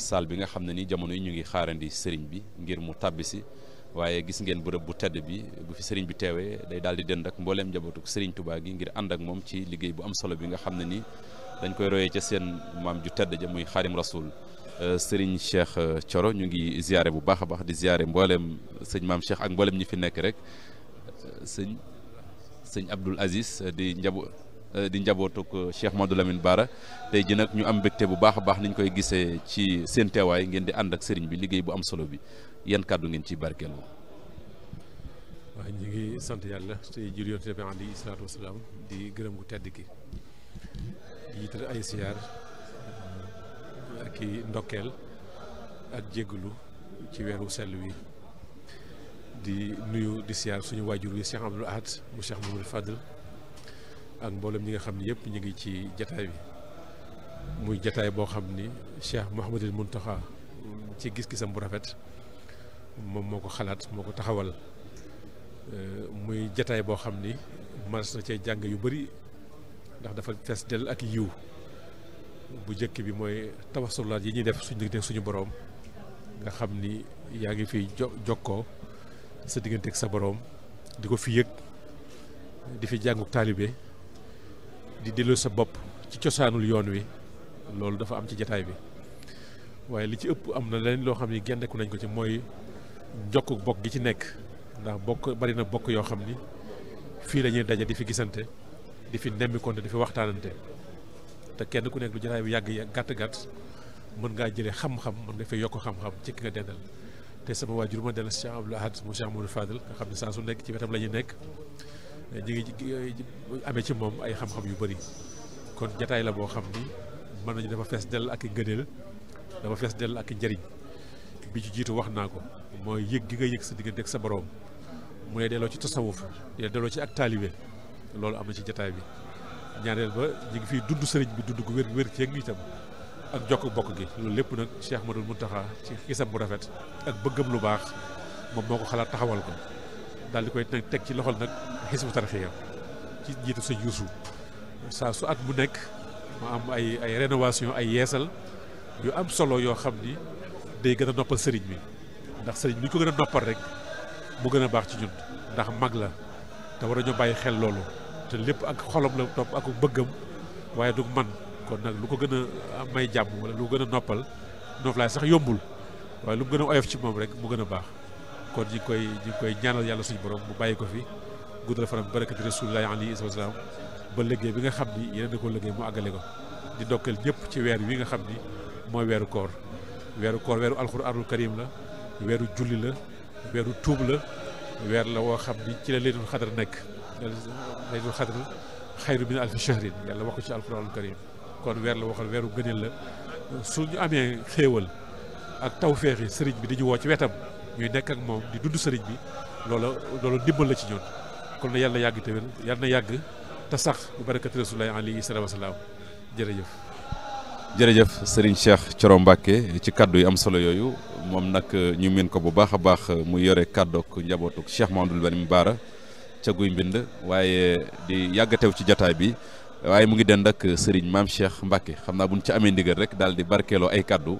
salle bi nga xam ne ni jamono yi ñu ngi xaarandi sëriñ bi ngir mu tàbbi si waaye gis ngeen bërëb bu tedd bi bu fi sëriñ bi teewee day daal di dënd ak mbooleem njabootuk sëriñ tubaa gi ngir ànd ak moom ci liggéey bu am solo bi nga xam ne ni dañ koy royee ca seen maam ju tedd ja muy xaadim rasul euh, sëriñ Cheikh euh, Thioro ñu ngi ziyaare bu baax a baax di ziyaare mbooleem sëñ maam Cheikh ak mbooleem ñu fi nekk rek euh, sëñ sëñ Abdul Aziz di njaboot Euh, di njabootu njabootuk euh, Cheikh Madou Lamine Bara tey ji nag ñu am mbégte bu baax a baax niñ koy gisee ci seen teewaay ngeen di ànd ak sëriñ bi liggéey bu am solo bi yan kàddu ngeen ciy barkeelu. waaw ñu ngi sant yàlla tey jur yoon tamit alayhi di gërëm gu tedd di yital ay siyaar euh, ak i ndokkeel ak jégalu ci weeru sell wi di nuyu di siyaar suñu waajur wi Cheikh Abdoul Ahad mu Cheikh Mamadou Fadl ak mboolem ñi nga xam ne yëpp ñu ngi ci jataay bi muy jataay boo xam ni Cheikh mun taxa ci gis-gisam bu rafet moom moo ko xalaat moo ko taxawal euh, muy jataay boo xam ni mars na cee jàng yu bari ndax dafa fees dell ak yiw bu njëkk bi mooy tawasulaat yi ñu def suñu digganteeg suñu boroom nga xam ni yaa ngi fi jo jokkoo sa digganteeg sa boroom di ko fi yëg di fi jàngu taalibe di delloo sa bopp ci cosaanul yoon wi loolu dafa am ci jataay bi waaye li ci ëpp am na leneen loo xam ni gendeku nañ ko ci mooy jokk bokk gi ci nekk ndax bokk bari na bokk yoo xam ni fii la daje di fi gisante di fi nemmikonte di fi waxtaanante te kenn ku nekk lu jataay bi yàgg gàtt gàtt mën ngaa jële xam-xam mën nga fay yokk xam-xam ci ki nga dendal te sama waajur ma dellu Cheikh Abdoul Ahad mu Cheikh Modou Fadel nga xam ne saa su nekk ci wetam la ñuy nekk ñu ngi amee ci moom ay xam yu bëri kon jataay la boo xam ni mën nañu dafa fees dell ak i ngëneel dafa fees dell ak njëriñ bi ci jiitu wax naa ko mooy yëg gi nga yëg sa diggante ak sa boroom mu ne delloo ci tasawuf lay delloo ci ak taalibe loolu am na ci jataay bi ñaareel ba ñu ngi fiy dund sëriñ bi dund gu wér wér ceeg itam ak jokk bokk gi loolu lépp nag Cheikh Madou Mountakha ci xisam bu rafet ak bëggam lu baax moom moo ko xalaat taxawal ko daal di koy teg ci loxol nag Hizbut Tarqiyyah ci jiitu sëñ Yuusu saa su at mu nekk mu am ay ay rénovation ay yeesal yu am solo yoo xam ni day gën a noppal sëriñ bi ndax sëriñ bi ko gën a noppal rek mu gën a baax ci ñun ndax mag la te war nañoo bàyyi xel loolu te lépp ak xolam la topp ak bëggam waaye du man kon nag lu ko gën a may jàmm wala lu ko gën a noppal noof laay sax yombul waaye lu mu gën a oyof ci moom rek mu gën a baax kon ñu koy ñu ngi koy ñaanal yàlla suñu borom mu bàyyi ko fi guddal fanam barakati rasulillahi alayhi salaam ba léggéey bi nga xam ni yeneen da ko liggéey mu àggale ko di ndokkeel ñëpp ci weer wi nga xam ni mooy weeru koor weeru koor weeru alxuraanul karim la weeru julli la weeru tuub la weer la woo xam ni ci la laylatul xadar nekk laylatul xadar xayru bi na shahrin yàlla wax ci alxuraanul karim kon weer la waxal weeru gëneel la su ñu amee xéewal ak tawféexi bi di ñu ci wetam ñuy nekk ak moom di dund sëriñ bi loola loolu ndimbal la ci ñoon kon na yàlla yàgg te wér na yàgg te sax bu barakati rasulullahi alayhi salaam salaam jërëjëf jërëjëf sëriñ Cheikh Thioro Mbacké ci kàddu yi am solo yooyu moom nag ñu miin ko bu baax a baax mu yore kàddoog njabootuk Cheikh Mamadou Lamine Bara ca guy mbind waaye di yàggatew ci jataay bi waaye mu ngi dend ak sëriñ maam Cheikh Mbacké xam naa bu buñ ci amee ndigal rek daal di barkeeloo ay kaddu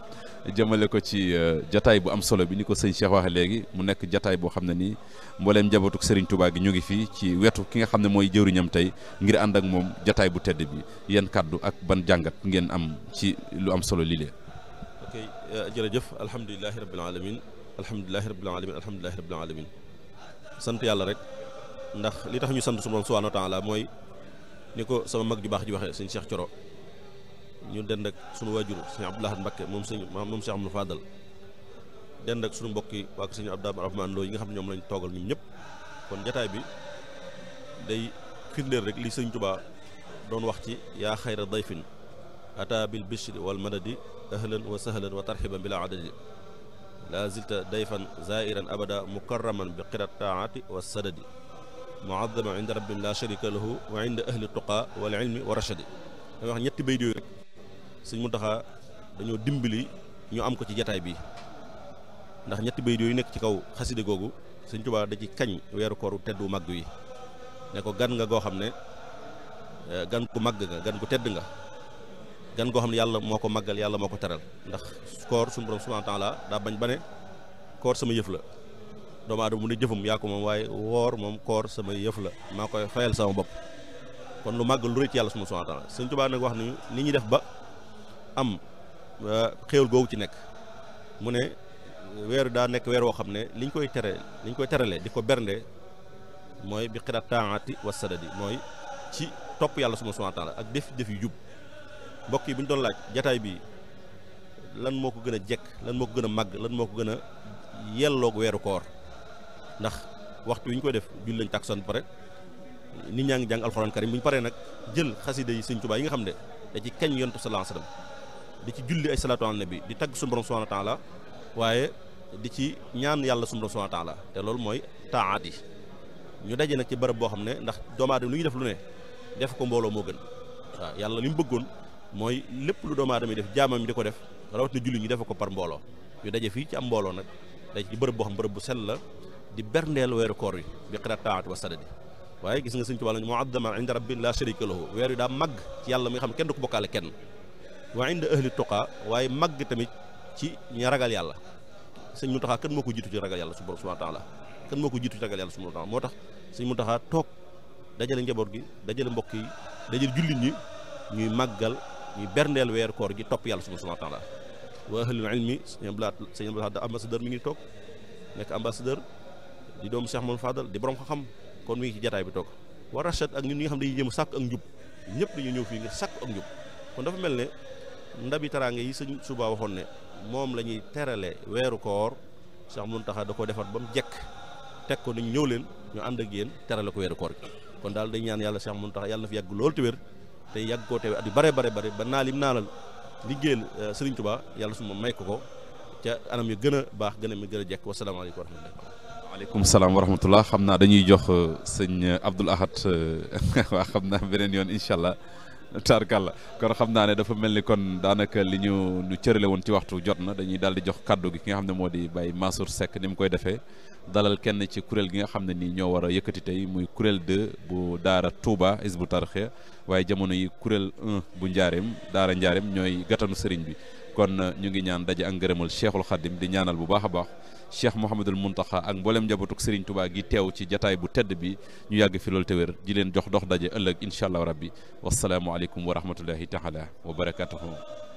jëmale ko ci euh, jataay bu am solo bi ni ko sëñ Cheikh waxee léegi mu nekk jataay boo xam ne nii mbooleem njabootuk Serigne Touba gi ñu ngi fii ci wetu ki nga xam ne mooy jëwriñam tey ngir ànd ak moom jataay bu tedd bi yan kàddu ak ban jàngat ngeen am ci lu am solo lii lee ok euh, jërëjëf alhamdulilahi rabbil alamin alhamdulilahi rabbil alamin alhamdulilahi rabbil alamin sant yàlla rek ndax li tax ñu sant suñu borom subhanahu wa taala mooy ni ko sama mag ju baax ji waxee sëñ Cheikh Thioro ñu dend ak sunu waajur sëñ Abdoulahat Mbakke moom sëñ moom Cheikh Amadou Fadal dend ak sunu mbokki waa ko sëñ Abdou Rahman Lo yi nga xam ne ñoom lañ toogal ñoom ñëpp kon jataay bi day firndeel rek li sëñ Tuubaa doon wax ci yaa xayra dayfin ata bil bishri wal madadi ahlan wa sahlan wa tarxiban bila adadi la zilta dayfan zairan abada mukarraman bi qirat taati wa sadadi muazama inda rabbin la sharika lahu wa inda ahli tuqa wal ilmi wa rachadi damay wax ñetti bayt yooyu rek mu Muntaxa dañoo dimbali ñu am ko ci jataay bi ndax ñetti bayit yooyu nekk ci kaw xaside googu sëñ Tuubaa da ci kañ weeru kooru tedd wu màgg wi ne ko gan nga goo xam ne eh, gan ku màgg nga gan ku tedd nga gan goo xam ne yàlla moo ko màggal yàlla moo ko teral ndax koor suñu borom subhaanahu wa daa bañ ba ne koor sama yëf la doomu aadama mu ne jëfam yaa ko moom waaye woor moom koor sama yëf la maa koy fayal sama bopp kon lu màgg lu rëy ci yàlla subhaanahu wa am xéewal googu ci nekk mu ne weeru daa nekk weer woo xam ne liñ koy tere liñ koy terale di ko bernde mooy bi xiraat taati wa sadadi mooy ci topp yàlla suma subhanahu wa ak def def yu jub mbokk yi bu ñu doon laaj jataay bi lan moo ko gën a jekk lan moo ko gën a màgg lan moo ko gën a yelloog weeru koor ndax waxtu wi ñu koy def julli lañ taksoon pare nit ñaa ngi jàng alxuraan karim bu ñu paree nag jël xasida yi sëñ Tuubaa yi nga xam ne da ci kañ yontu sallallahu alayhi wasallam di ci julli ay salaatu ala nabi di tagg suñu borom subhanahu wa taala waaye di ci ñaan yàlla suñu borom subhanahu la te loolu mooy taat yi ñu daje nag ci bërëb boo xam ne ndax doomu aadama lu ñuy def lu ne def ko mbooloo moo gën waaw yàlla li mu bëggoon mooy lépp lu doomu aadama yi def jaamam yi di ko def rawat na julli ñu defe ko par mbooloo ñu daje fii ci am mbooloo nag daje ci bërëb boo xam bërëb bu sell la di berndeel weeru koor wi bi xiraat taat wa sadadi waaye gis nga Sëñ Tuubaa lañu mu'azzama inda rabbi la sharika lahu weer wi màgg ci yàlla mi nga kenn du ko bokkaale kenn waa inda ahli tuqaa waaye màgg tamit ci ña ragal yàlla sëñ Muntaxa kan moo ko jiitu ci ragal yàlla subhaanahu wa taala kan moo ko jiitu ci ragal yàlla subhaanahu wa taala moo tax sëñ Muntaxa toog dajale njaboot gi dajale mbokk yi dajale jullit ñi ñuy màggal ñuy berndeel weer koor gi topp yàlla subhaanahu wa taala wa ahlul ilmi sëñ Abdul Ahad sëñ Abdul Ahad mi ngi toog nekk ambassadeur di doom Cheikh moom Fadal di borom xam-xam kon wi ngi ci jataay bi toog wa rachad ak ñun ñi xam dañuy jëm sàkk ak njub ñëpp dañu ñëw fii ngir sàkk ak ndabi taraange yi sëñ suba waxoon ne moom la ñuy terale weeru koor sax mun taxa da ko defar ba mu jekk teg ko nañ ñëw leen ñu ànd ak yéen terale ko weeru koor gi kon daal dañ ñaan yàlla si mun taxa yàlla na fi yàgg loolu te wér te yàgg koo tewe at yu bare bare bare ba naa lim naalal liggéeyal eh, sëriñ Tuubaa yàlla su ma may ko ko ca anam yi gën a baax gën mi gën a jekk wasalaamaaleykum wa rahmatullah maaleykum salaam wa rahmatullah xam naa dañuy jox eh, sëñ Abdoul Ahad eh, waa xam naa beneen yoon incha allah tarkalla kon xam naa ne dafa mel ni kon daanaka li ñu ñu cërale woon ci waxtu jot na dañuy daal di jox kàddu gi ki nga xam ne moo di Baye Mansour sekk ni mu koy defee dalal kenn ci kuréel gi nga xam ne nii ñoo war a yëkkati tey muy kuréel 2 bu Daara Touba bu Tarqiyyah waaye jamono yi kuréel bu Njaareem Daara Njaareem ñooy gatanu sëriñ bi kon euh, ñu ngi ñaan daje ak ngërëmal cheikhul xadim di ñaanal bu baax a baax cheikh mouhamadul muntaxa ak mboolem njabootug sëriñ tubaag gi teew ci jataay bu tedd bi ñu yàgg fi loolu te wér leen jox dox daje ëllëg incha allah rabbi wasalaamualeykum wa rahmatullahi taala wa barakatuhu